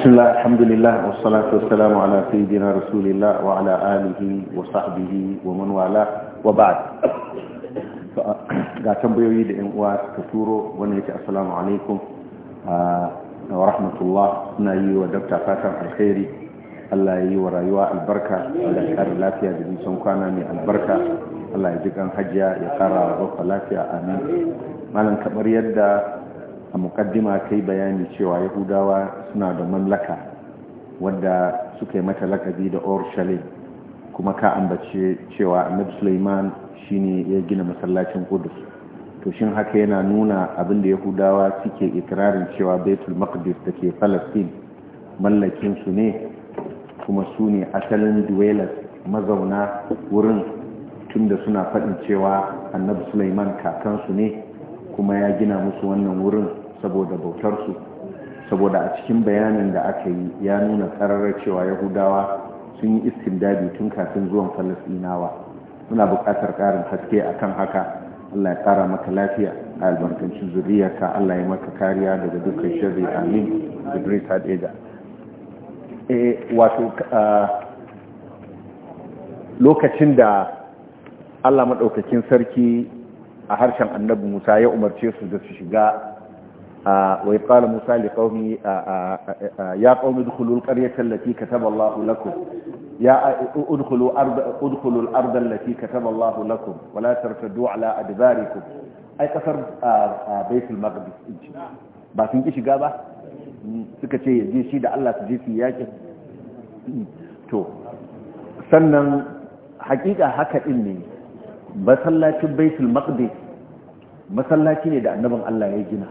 بسم الله الحمد لله والصلاة والسلام على سيدنا رسول الله وعلى آله وصحبه ومن والاه وبعد da 'yan uwa suka turo wanda yake assalamu alaikum ah, wa rahmatullah suna yi wa dabta fatan alkhairi Allah ya rayuwa albarka Allah lafiya da nisan kwana mai albarka hajiya ya kara lafiya amin kamar yadda a mukaddima kai bayani cewa yahudawa suna da mallaka wadda suka yi mata lakabi da orshalim kuma ka ambace cewa annabi suleiman shine ya gina masallacin kudus to shin haka yana nuna abin da yahudawa suke ikirarin cewa baitul maqdis da ke falastin mallakin su ne kuma su ne asalin duwelas mazauna wurin tunda suna faɗin cewa annabi suleiman kakansu ne kuma ya gina musu wannan wurin saboda bautarsu saboda a cikin bayanin da aka yi ya nuna ƙararrar cewa yahudawa sun yi iskin dadi tun kafin zuwan falasinawa muna buƙatar ƙarin haske akan haka allah ya ƙara maka lafiya a albarkancin zuriyarka allah ya maka kariya daga dukkan shirri amin idris hadeja eh, wato lokacin da allah maɗaukakin sarki a harshen annabi Musa ya umarce su da su shiga wai qala Musa li qaumi ya qaumi udkhulu al-qaryata allati kataba Allah lakum ya udkhulu arda udkhulu al-arda allati kataba Allah lakum wa la tartaddu ala adbarikum ai kasar Baitul Maqdis din ba sun ki shiga ba suka ce yaje shi da Allah su je su yaki to sannan hakika haka din ne masallacin baitul maqdis masallaci ne da annabin Allah ya gina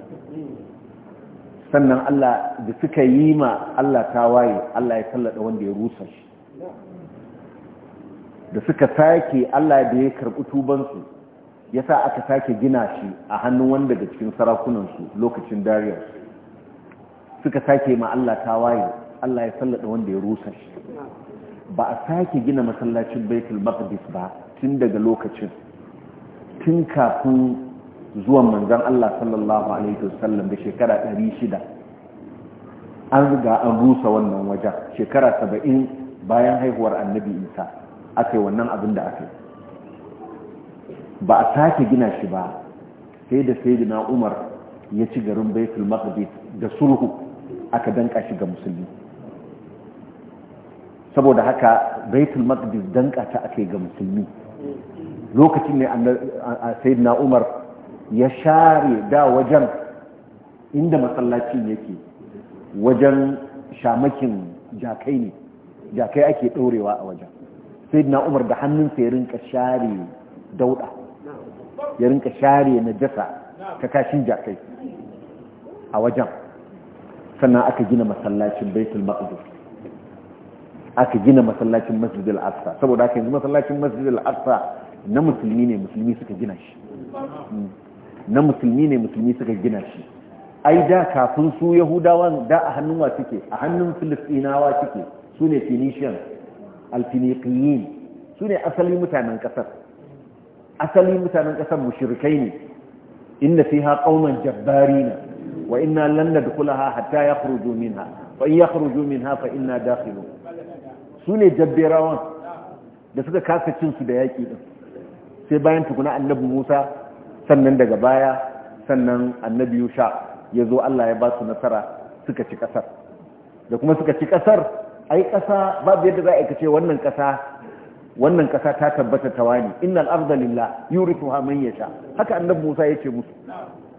sannan Allah da suka yi ma Allah tawaye Allah ya sallada wanda ya rusa shi da suka sake Allah da ya karɓi tubansu ya sa aka sake gina shi a hannun wanda da cikin sarakunansu lokacin dariyar suka sake ma Allah tawaye Allah ya sallada wanda ya rusa shi ba a sake gina masallacin baitul maqdis ba tun daga lokacin tun kafin zuwan manzan Allah sallallahu alaihi wasallam da shekara 600 an riga an rusa wannan wajen shekara 70 bayan haihuwar annabi isa aka yi wannan abin da aka yi ba a sake gina shi ba sai da sai na umar ya ci garin baitul maqdis da sulhu aka danka shi ga musulmi saboda haka baitul maqdis danka ta aka yi ga musulmi lokacin ne sayyidina umar ya share da wajen inda masallacin yake wajen shamakin jakai ne jakai ake ɗorewa a wajen sayyidina umar da hannunsa ya rinka share dauɗa ya rinka share na jasa ta kashin jakai a wajen sannan aka gina masallacin baitul maqdis aka gina masallacin masjid al-aqsa saboda haka yanzu masallacin masjid al-aqsa na musulmi ne musulmi suka gina shi hmm. na musulmi ne musulmi suka gina shi ai da kafin su yahudawan da a hannun wa suke a hannun filistinawa suke su ne phoenician alfiniqiyin su ne asali mutanen kasar asali mutanen kasar mushrikai ne inna fiha qauman jabbarina wa inna lan nadkhulaha hatta yakhruju minha fa in yakhruju minha fa inna dakhilun su ne jabberawan da suka kasa cinsu da yaƙi ɗin sai bayan tukuna annabi musa sannan daga baya sannan annabi yusha ya zo allah ya ba su nasara suka ci ƙasar da kuma suka ci ƙasar ai ƙasa babu yadda za a aikace wannan ƙasa wannan ƙasa ta tabbata ta wani innal yi lillah yurithuha man yasha haka annabi musa ya ce musu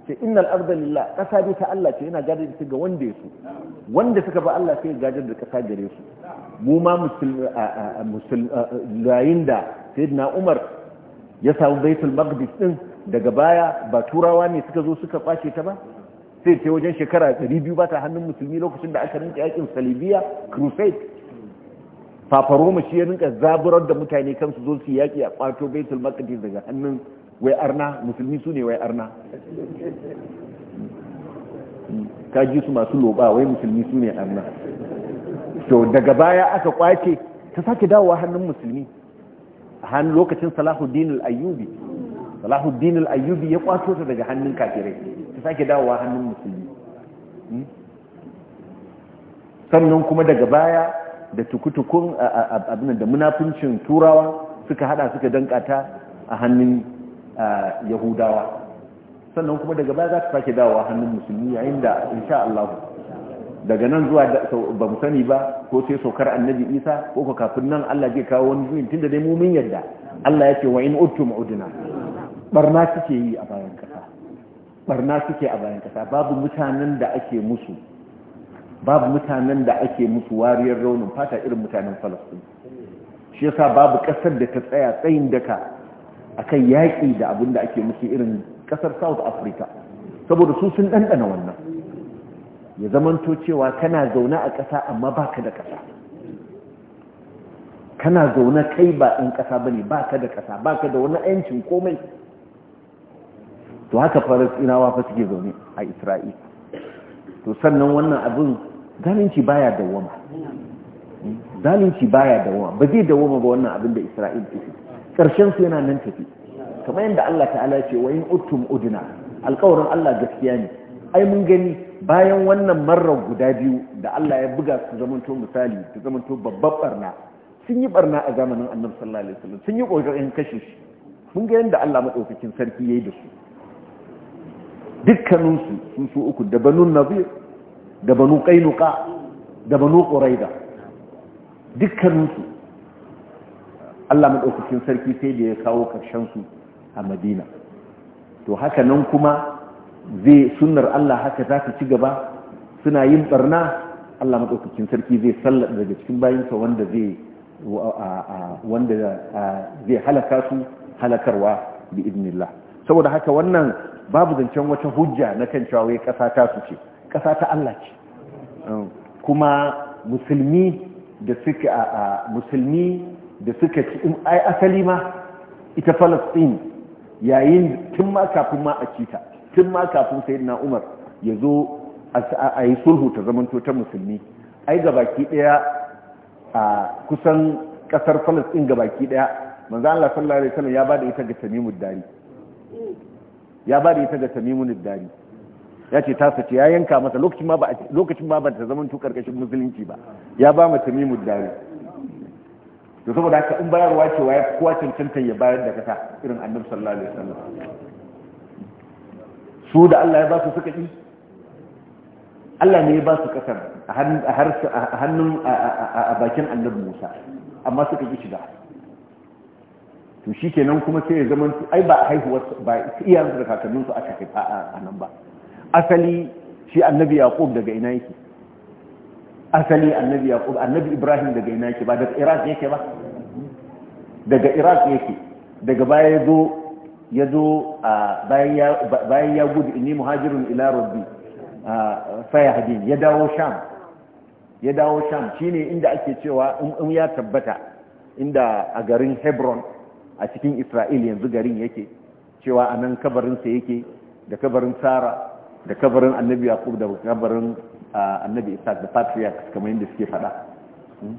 ce innal arda ƙasa dai ta allah ce yana gadar da ga wanda ya su wanda suka ba allah sai ya gadar da ƙasa gare su mu ma yayin da sayyidina umar ya samu baitul maqdis din daga baya ba turawa ne suka zo suka kwace ta ba sai ce wajen shekara 200 ba ta hannun musulmi lokacin da aka rinka yakin salibiya crusade fafaroma shi ya rinka zaburar da mutane kansu zo su yaki a kwato baitul maqdis daga hannun wai arna musulmi su ne wai arna ka ji su masu loba wai musulmi su ne arna to daga baya aka kwace ta sake dawowa hannun musulmi a hannun lokacin salahuddin al'ayyubi salahuddin al'ayyubi ya kwaso ta daga hannun kafirai ta sake dawowa hannun musulmi hmm? sannan kuma daga baya da tukutukun abin da munafincin turawa suka hada suka dankata a hannun yahudawa sannan kuma daga baya za ta sake dawowa hannun musulmi yayin da insha Allah daga nan zuwa ba mu sani ba ko sai saukar annabi isa ko ka kafin nan allah zai kawo wani tun da dai mu mun allah ya ce wa in utu ma'udina. barna suke yi a bayan kasa barna suke a bayan kasa babu mutanen da ake musu babu mutanen da ake musu wariyar raunin fata irin mutanen falastin shi yasa babu kasar da ta tsaya tsayin daka akan yaƙi da abin da ake musu irin kasar south africa saboda su sun ɗanɗana wannan ya zamanto cewa kana zaune a ƙasa amma baka da ƙasa kana zaune kai ba ɗan ƙasa ba ne baka da ƙasa baka da wani ‘yancin komai to haka tsinawa fa suke zaune a isra'ila to sannan wannan abin zalunci baya wama zalunci baya wama ba zai wama ba wannan abin da isra'il ce karshen su yana nan tafi kamar yadda Allah ta'ala ce wa in utum udina alƙawarin Allah gaskiya ne ai mun gani bayan wannan marar guda biyu da Allah ya buga su zamanto misali ta zamanto babbar barna sun yi barna a zamanin annabi sallallahu alaihi wasallam sun yi kokarin kashe shi mun ga yanda Allah madaukakin sarki yayi da su dukkanin su sun su uku da banu nabi da banu qainuqa da banu quraida dukkanin su Allah madaukakin sarki sai da ya kawo karshen su a Madina to haka nan kuma zai sunnar Allah haka za ta ci gaba suna yin barna Allah maɗaukacin sarki zai sallar daga cikin bayansa wanda zai wanda zai halaka su halakarwa bi idnillah saboda haka wannan babu zancen wata hujja na kan cewa wai ƙasa ta su ce ƙasa ta Allah ce um, kuma musulmi da suka a musulmi da suka ci ai asali ma ita Palestine yayin tun ma kafin ma a cita tun ma kafin na umar ya zo a yi sulhu ta zamanto ta musulmi ai gabaki daya a kusan kasar falastin gabaki daya manzan Allah sallallahu alaihi wasallam ya bada ita ga tamimud dari ya bada ita ga tamimud dari ya ce ta sace ya yanka mata lokacin ma ba lokacin ma ba ta zaman tu karkashin musulunci ba ya ba mu tamimud dari to saboda haka in bayarwa ce wa ya kowa cancanta ya bayar da kasa irin annabi sallallahu alaihi wasallam su da Allah ya ba su suka ƙi Allah ne ya ba su ƙasar a hannun a bakin annabi Musa amma suka ƙi shiga to shi kenan kuma sai ya zama ai ba haihuwar ba iyayensu da kakanninsu aka haifa a nan ba asali shi annabi yaqub daga ina yake asali annabi yaqub annabi ibrahim daga ina yake ba daga iraq yake ba daga iraq yake daga baya ya zo ya zo bayan ya gudu inni muhajirun ila rabbi fa ya dawo sham ya dawo sham shine inda ake cewa in ya tabbata inda a garin hebron a cikin isra'il yanzu garin yake cewa a nan kabarinsa yake da kabarin sara da kabarin annabi yaqub da kabarin annabi isa da patriarchs kamar yadda suke faɗa hmm?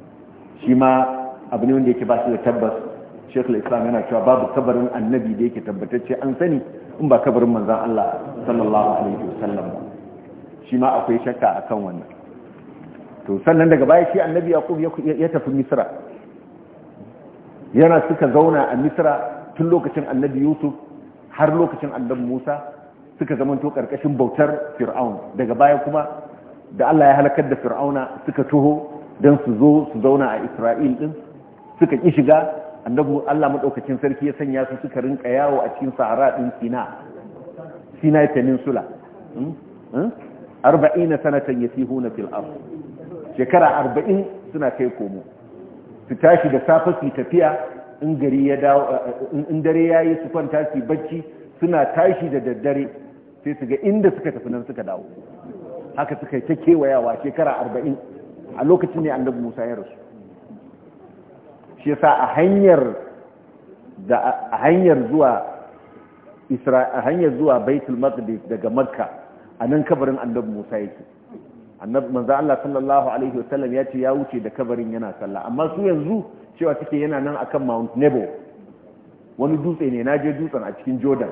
shi ma abu ne wanda yake ba su da tabbas shekul islam yana cewa babu kabarin annabi da yake tabbatacce an sani in ba kabarin manzan Allah sallallahu alaihi wasallam ba shi ma akwai shakka akan wannan to sannan daga baya shi annabi yaqub ya tafi misra yana suka zauna a misra tun lokacin annabi yusuf har lokacin annabi musa suka zamanto karkashin bautar fir'aun daga baya kuma da Allah ya halakar da fir'auna suka toho dan su zo su zauna a isra'il din suka ki shiga annabu Allah madaukakin sarki ya sanya su suka rinka yawo a cikin sahara din Sina Sinai peninsula 40 hmm? Hmm? sanatan yasihuna fil ard shekara arba'in suna kai komo su tashi da safe su tafiya in gari ya dawo eh, in dare yayi su kwanta su bacci suna tashi da daddare sai su ga inda suka tafi nan suka dawo haka suka yi ta kewayawa shekara arba'in a lokacin ne annabi Musa ya rasu shi yasa a hanyar da a hanyar zuwa a hanyar zuwa baitul maqdis daga makka a nan kabarin annabi musa yake annabi manzo Allah sallallahu alaihi wasallam ya ce ya wuce da kabarin yana salla amma su yanzu cewa take yana nan akan mount nebo wani dutse ne na je dutsen a cikin jordan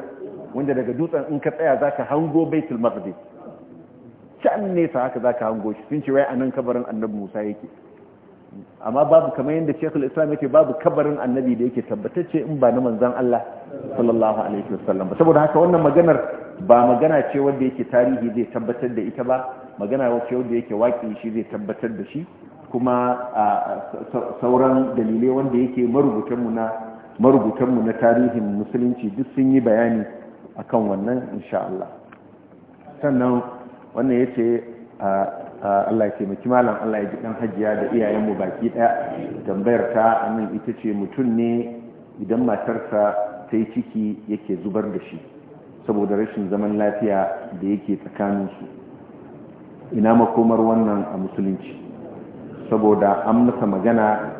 wanda daga dutsen in ka tsaya zaka hango baitul maqdis can nesa haka zaka hango shi sun ce wai a nan kabarin annabi musa yake amma babu kamar yadda shekul islam yake babu kabarin annabi da yake tabbatacce in ba na manzan Allah sallallahu alaihi wasallam ba saboda haka wannan maganar ba magana ce wanda yake tarihi zai tabbatar da ita ba magana wacce wanda yake waki shi zai tabbatar da shi kuma sauran dalilai wanda yake marubutanmu na marubutanmu na tarihin musulunci duk sun yi bayani akan wannan insha Allah sannan wannan yace Ah, Allah ya taimaki malam Allah ya ji dan hajiya da iyayen mu baki daya tambayar ta anan ita ce mutum ne idan matarsa ta yi ciki yake zubar da shi saboda rashin zaman lafiya da yake tsakanin su ina makomar wannan a musulunci saboda an masa magana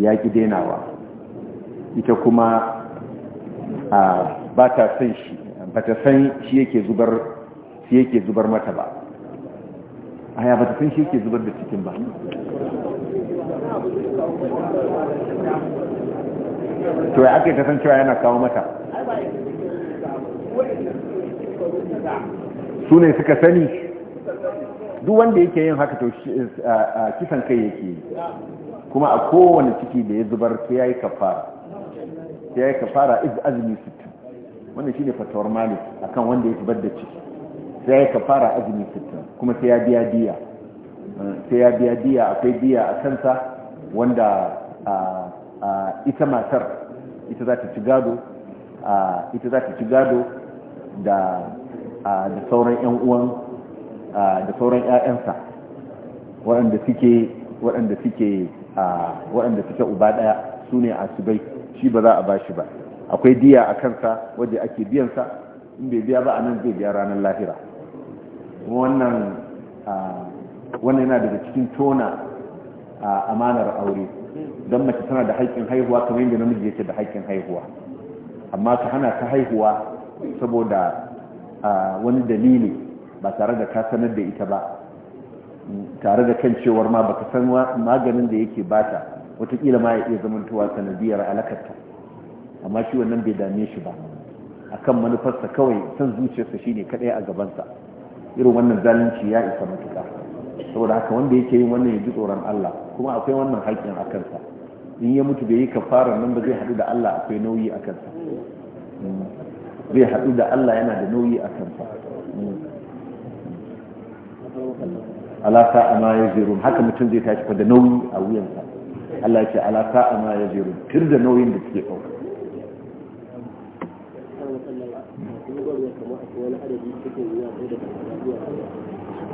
ya ki denawa ita kuma ah, ba ta san shi yake zubar mata ba a ya bata san shi ke zubar da cikin ba to ya ake cewa yana kawo mata su ne suka sani duk wanda yake yin haka to kisan kai yake yi kuma a kowane ciki da ya zubar ta ya yi kafara ta ya yi kafara iz azumi sittin wanda shi ne fatawar malik akan wanda ya zubar da ciki sai ya fara azumi sittin kuma sai ya biya diya sai ya biya diya akwai diya a kansa wanda ita matar ita za ta ci gado ita za ta ci gado da da sauran yan uwan da sauran ƴaƴansa waɗanda suke waɗanda suke waɗanda suke uba ɗaya sune ne a bai shi ba za a ba shi ba akwai diya a kansa wadda ake biyansa in bai biya ba a nan zai biya ranar lahira wannan wannan yana daga cikin tona a amanar aure don mace tana da haƙƙin haihuwa kamar yadda namiji yake da haƙƙin haihuwa amma ka hana ta haihuwa saboda wani dalili ba tare da ka sanar da ita ba tare da kan cewar ma ba baka san maganin da yake bata watakila ma ya iya zamantowa sanadiyar alakarta amma shi wannan bai dame shi ba akan manufarsa kawai son zuciyarsa shi ne kaɗai a gabansa irin wannan zalunci ya isa matuƙa saboda haka wanda yake yin wannan ya ji tsoron Allah kuma akwai wannan haƙƙin a kansa in ya mutu bai yi kafarar nan ba zai haɗu da Allah akwai nauyi a kansa zai haɗu da Allah yana da nauyi a kansa alaka a ma ya zirun haka mutum zai tashi fa da nauyi a wuyansa Allah ya ce alaka a ma ya zirun tur da nauyin da suke ɗauka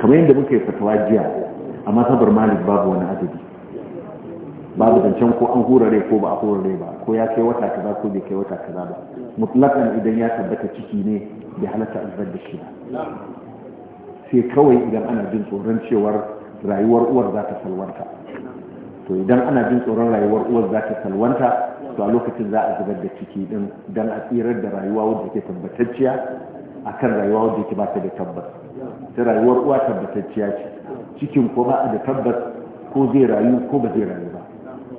kamar yadda muke fatawa jiya amma sabar malik babu wani adadi babu zancen ko an hura rai ko ba a hura rai ba ko ya kai wata kaza ko bai kai wata kaza ba mutlakan idan ya tabbata ciki ne bai halatta albar da shi ba sai kawai idan ana jin tsoron cewar rayuwar uwar za ta salwanta to idan ana jin tsoron rayuwar uwar za ta salwanta to a lokacin za a zubar da ciki din don a tsirar da rayuwa wadda ke tabbatacciya akan rayuwa wadda ke ba ta da tabbas ta rayuwar uwa tabbatacciya ce cikin ko ba da tabbas ko zai rayu ko ba zai rayu ba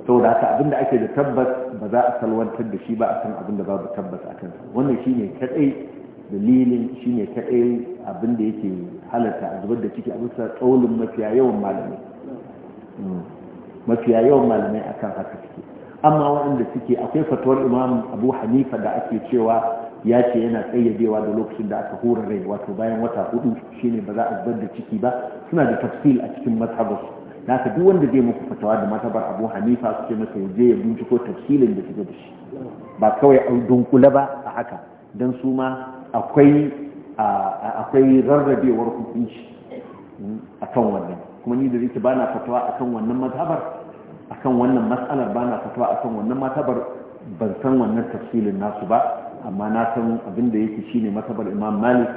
saboda haka abinda ake da tabbas ba za a salwantar da shi ba a san abinda babu tabbas a kansa wannan ne kadai dalilin shi ne abin abinda yake halarta a zubar da ciki a bisa kaulin mafiya yawan malamai hmm. mafiya yawan malamai akan haka suke amma waɗanda suke akwai fatuwar imam abu hanifa da ake cewa ya ce yana tsayyadewa da lokacin da aka hura rai wato bayan wata hudu shine ba za a zubar da ciki ba suna da tafsil a cikin mazhabarsu da ka duk wanda zai muku fatawa da matabar abu hanifa su ce masa yaje ya binciko tafsilin da suke da shi ba kawai a dunkule ba a haka don su ma akwai akwai rarrabewar hukunci hmm, a kan wannan kuma ni da zai ba na fatawa a kan wannan matabar a kan wannan matsalar ba na fatawa a kan wannan matabar ban san wannan tafsilin nasu ba amma na san abin da yake shine masabar imam malik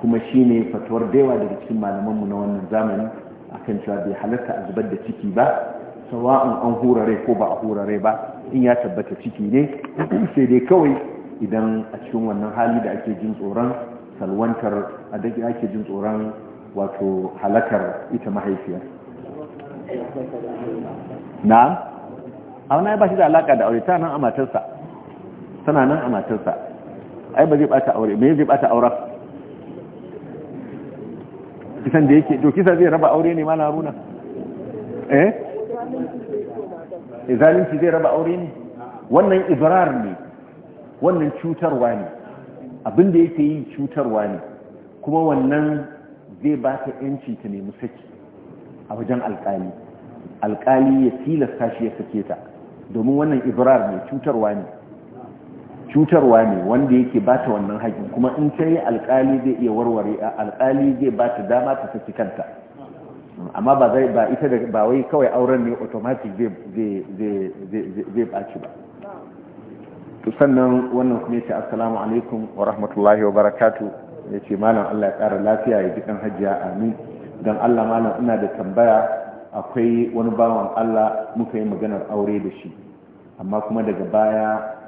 kuma shine fatuwar daiwa daga cikin malamanmu na wannan zamani akan cewa bai halarta a zubar da ciki ba sawa'un an hurare ko ba a hurare ba in ya tabbata ciki ne sai dai kawai idan a cikin wannan hali da ake jin tsoron salwantar a da ake jin tsoron wato halakar ita mahaifiyar na a wani ba shi da alaka da aure ta nan a tana nan a matarsa ai ba zai bata aure me zai bata aura kisan da yake to kisa zai raba aure ne mana Runa eh? eh zalunci zai raba aure ne wannan ibrar ne wannan cutarwa ne abin da yake yi cutarwa ne kuma wannan zai ba ta yanci ta nemi saki a wajen alkali alkali ya tilasta shi ya sake ta domin wannan ibrar ne cutarwa ne cutarwa ne wanda yake ba ta wannan haƙin kuma in ta yi alƙali zai iya warware alƙali zai ba ta dama ta saki kanta amma ba zai ba ita da ba wai kawai auren ne automatic zai zai ɓaci ba to sannan wannan kuma yace assalamu alaikum wa rahmatullahi wa barakatu yace malam Allah ya ƙara lafiya ya ji kan hajjiya amin dan Allah malam ina da tambaya akwai wani bawan Allah muka yi maganar aure da shi amma kuma daga baya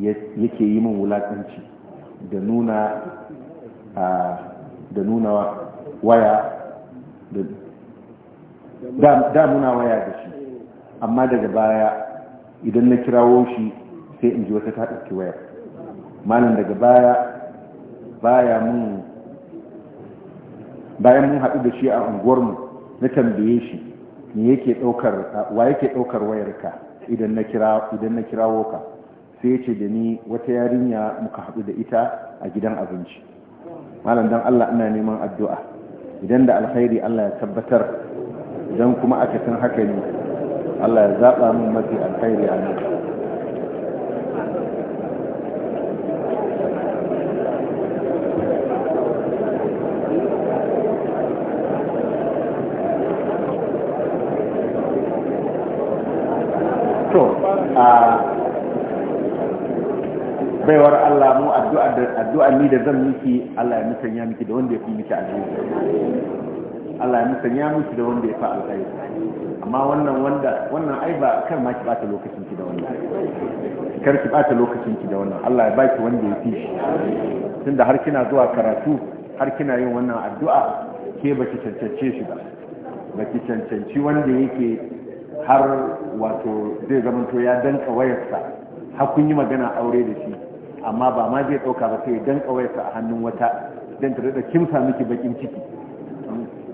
yake yi min wulakanci da nuna da nuna waya da muna waya da shi amma daga baya idan na kirawo shi sai in ji wata ta ɗauki wayar malam daga baya baya mun bayan mun haɗu da shi a unguwarmu na tambaye shi me yake ɗaukar wa yake ɗaukar wayarka idan na kira idan na kirawo ka sai ya ce da ni wata yarinya muka haɗu da ita a gidan abinci malam don Allah ina neman addu'a idan da alkhairi Allah ya tabbatar idan kuma aka san haka ne Allah ya zaɓa min mafi alkhairi a nan addu'a ni da zan miki Allah ya musanya miki da wanda ya fi miki alheri Allah ya musanya miki da wanda ya fi alheri amma wannan wanda wannan ai ba kar ma ki bata lokacin ki da wannan kar ki bata lokacin ki da wannan Allah ya baki wanda ya fi shi tunda har kina zuwa karatu har kina yin wannan addu'a ke ki cancance shi ba ba ki cancanci wanda yake har wato zai to ya danka wayarsa har kun yi magana aure da shi amma ba ma zai ɗauka ba sai dan ƙawaisa a hannun wata don ta daɗa kimsa miki bakin ciki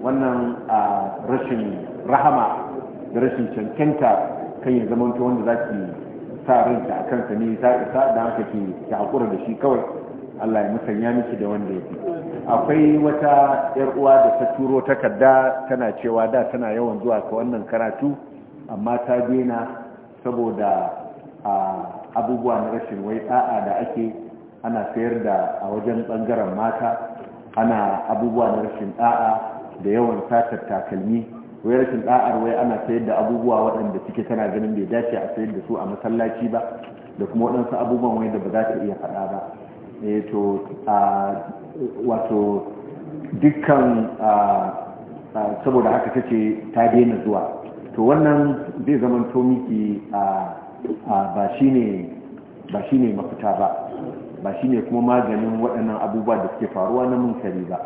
wannan a rashin rahama da rashin cancanta kan ya zama wanda za ki sa ranta a kansa ne ta isa da haka ki haƙura hakura da shi kawai Allah ya musanya miki da wanda ya fi akwai wata yar uwa da ta turo takarda tana cewa da tana yawan zuwa ka wannan karatu amma ta daina saboda abubuwa na rashin wai da'a da ake ana sayar da a wajen bangaren mata ana abubuwa na rashin da'a da yawan satar takalmi wai rashin da'ar wai ana sayar da abubuwa waɗanda suke tana ganin bai dace a sayar da su a masallaci ba da kuma waɗansu abubuwan wai da ba za ta iya faɗa ba eh to wato dukkan saboda haka ta ce ta daina zuwa to wannan zai zama to miki a ba shi ne mafita ba ba shi ne kuma maganin waɗannan abubuwa da suke faruwa na munkari ba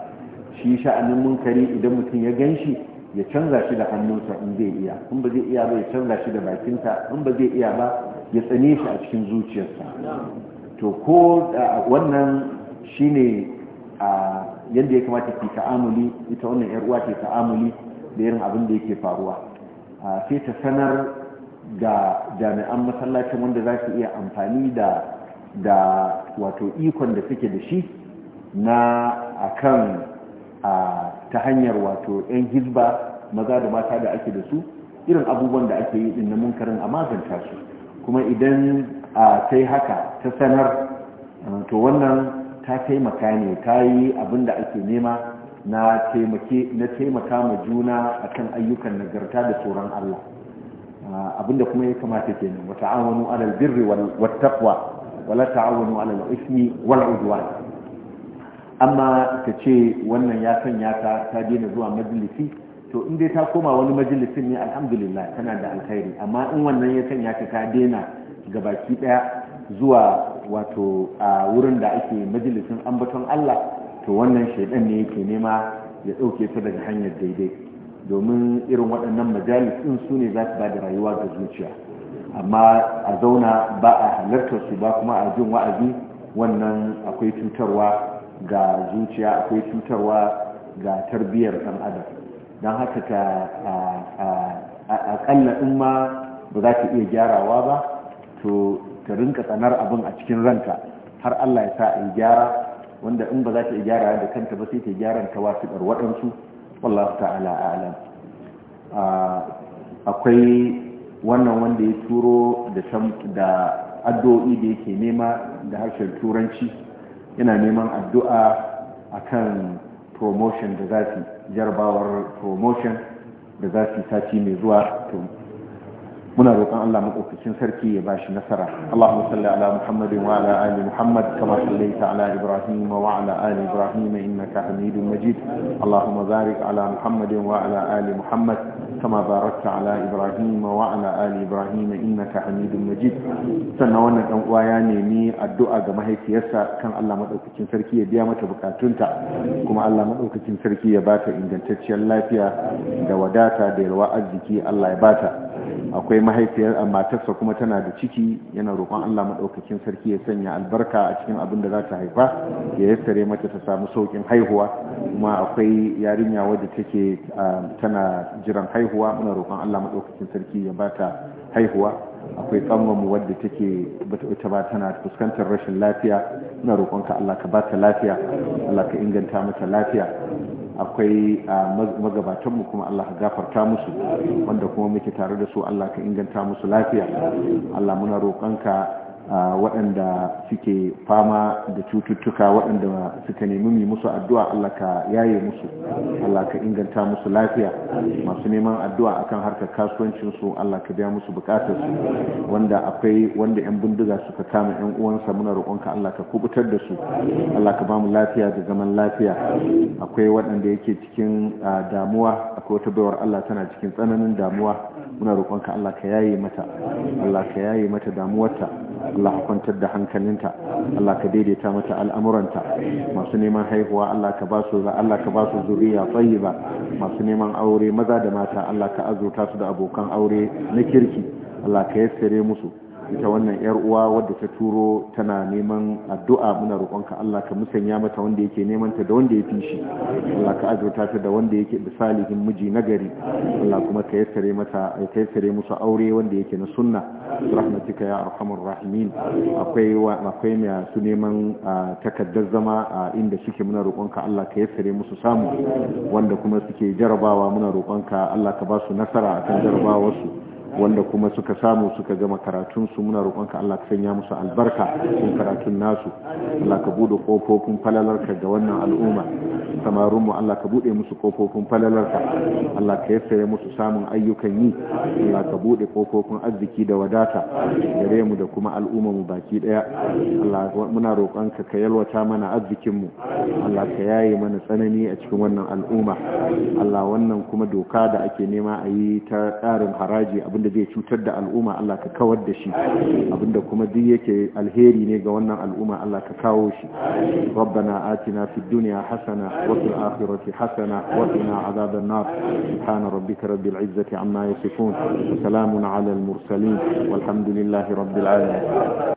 shi sha'anin munkari idan mutum ya gan shi ya canza shi da hannunsa in zai iya in ba zai iya ba ya canza shi da bakinta, in ba zai iya ba ya tsane shi a cikin zuciyarsa to ko wannan shi ne yadda ya kamata ke ta'amuli ita wannan 'yar uwa ke ta'amuli da irin abin da yake faruwa sai ta sanar ga jami'an masallacin wanda za su iya amfani da da wato ikon da suke da shi na akan a ta hanyar wato 'yan hizba maza da mata da ake da su irin abubuwan da ake yi din na munkarin a maganta su kuma idan ta yi haka ta sanar to wannan ta taimaka ne ta yi abin da ake nema na taimaka ma juna akan ayyukan nagarta da tsoron Allah abinda kuma ya kamata ke nan wata ta'awanu 'alal birri wal taqwa wala la 'alal ismi wal 'udwan amma ka ce wannan ya sanya ta ta daina zuwa majalisi to in dai ta koma wani majalisin ne alhamdulillah tana da alkhairi amma in wannan ya sanya ta ta daina gabaki daya zuwa wato a wurin da ake majalisin ambaton Allah to wannan shaidan ne yake nema ya dauke ta daga hanyar daidai domin irin waɗannan majalis ɗin su ne za su ba da rayuwa ga zuciya amma a zauna ba a halartar su ba kuma a jin wa'azi wannan akwai cutarwa ga zuciya akwai cutarwa ga tarbiyyar ɗan adam don haka ta aƙalla in ma ba za ta iya gyarawa ba to ta rinka tsanar abin a cikin ranka har allah ya sa a gyara wanda in ba za ta iya gyara da kanta ba sai ta gyaran ta wasu waɗansu wallahu ta'ala alam akwai wannan wanda ya turo da addu'o'i da yake nema da harshen turanci yana neman addu'a akan promotion da zafi jarabawar promotion da zafi sati mai zuwa muna roƙon Allah maɗaukakin sarki ya ba shi nasara Allahumma salli ala Muhammadin wa ala ali Muhammad kama sallaita ala Ibrahim wa ala ali Ibrahim innaka Hamidum Majid Allahumma barik ala Muhammadin wa ala ali Muhammad kama barakta ala Ibrahim wa ala ali Ibrahim innaka Hamidum Majid sannan wannan dan uwa ya nemi addu'a ga mahaifiyarsa kan Allah maɗaukakin sarki ya biya mata bukatunta kuma Allah maɗaukakin sarki ya bata ingantacciyar lafiya da wadata da yalwa arziki Allah ya bata akwai mahaifiyar matarsa kuma tana da ciki yana roƙon Allah maɗaukakin sarki ya sanya albarka a cikin abin da za ta haifa ya yassare mata ta samu saukin haihuwa kuma akwai yarinya wadda take tana jiran haihuwa muna roƙon Allah maɗaukakin sarki ya ba ta haihuwa akwai tsanwanmu wadda take bata ba tana fuskantar rashin lafiya muna roƙonka Allah ka ba ta lafiya Allah ka inganta mata lafiya akwai magabatanmu kuma Allah ka gafarta musu wanda kuma muke tare da su Allah ka inganta musu lafiya Allah muna roƙonka waɗanda suke fama da cututtuka waɗanda suka nemi mai musu addu'a Allah ka yaye musu Allah ka inganta musu lafiya masu neman addu'a akan harkar kasuwancinsu su Allah ka biya musu bukatar su wanda akwai wanda yan bindiga suka kama yan uwansa muna roƙonka Allah ka kubutar da su Allah ka bamu lafiya da zaman lafiya akwai waɗanda yake cikin damuwa akwai wata baiwar Allah tana cikin tsananin damuwa muna roƙonka Allah ka yaye mata Allah ka yaye mata damuwarta Allah ka kwantar da hankalinta Allah ka daidaita mata al'amuranta masu neman haihuwa Allah ka ba su Allah ka ba su zuriya tayyiba masu neman aure maza da mata Allah ka azurta su da abokan aure na kirki Allah ka yassare musu ita wannan yar uwa wadda ta turo tana neman addu'a muna roƙonka Allah ka musanya mata wanda yake neman ta da wanda ya fi shi Allah ka azurta ta da wanda yake da salihin miji gari Allah kuma ka yassare mata yassare musu aure wanda yake na sunna rahmatika ya arhamar rahimin akwai akwai mai su neman takaddar zama a inda suke muna roƙonka Allah ka yassare musu samu wanda kuma suke jarabawa muna roƙonka Allah ka ba su nasara akan su. wanda kuma suka samu suka gama karatun su muna roƙonka Allah ka sanya musu albarka cikin karatun nasu Allah ka bude kofofin falalarka ga wannan al'umma samarun mu Allah ka bude musu kofofin falalarka Allah ka yassare musu samun ayyukan yi Allah ka bude kofofin arziki da wadata gare mu da kuma al'umma mu baki daya Allah muna roƙonka ka yalwata mana arzikin mu Allah ka yaye mana tsanani a cikin wannan al'umma Allah wannan kuma doka da ake nema a yi ta tsarin haraji abin abin zai cutar da al'umma Allah ka kawar da shi abin kuma duk yake alheri ne ga wannan al'umma Allah ka kawo shi rabbana atina fid dunya hasana wa fil akhirati hasana wa qina adhaban nar subhana rabbika rabbil izzati amma yasifun salamun ala al mursalin walhamdulillahi rabbil alamin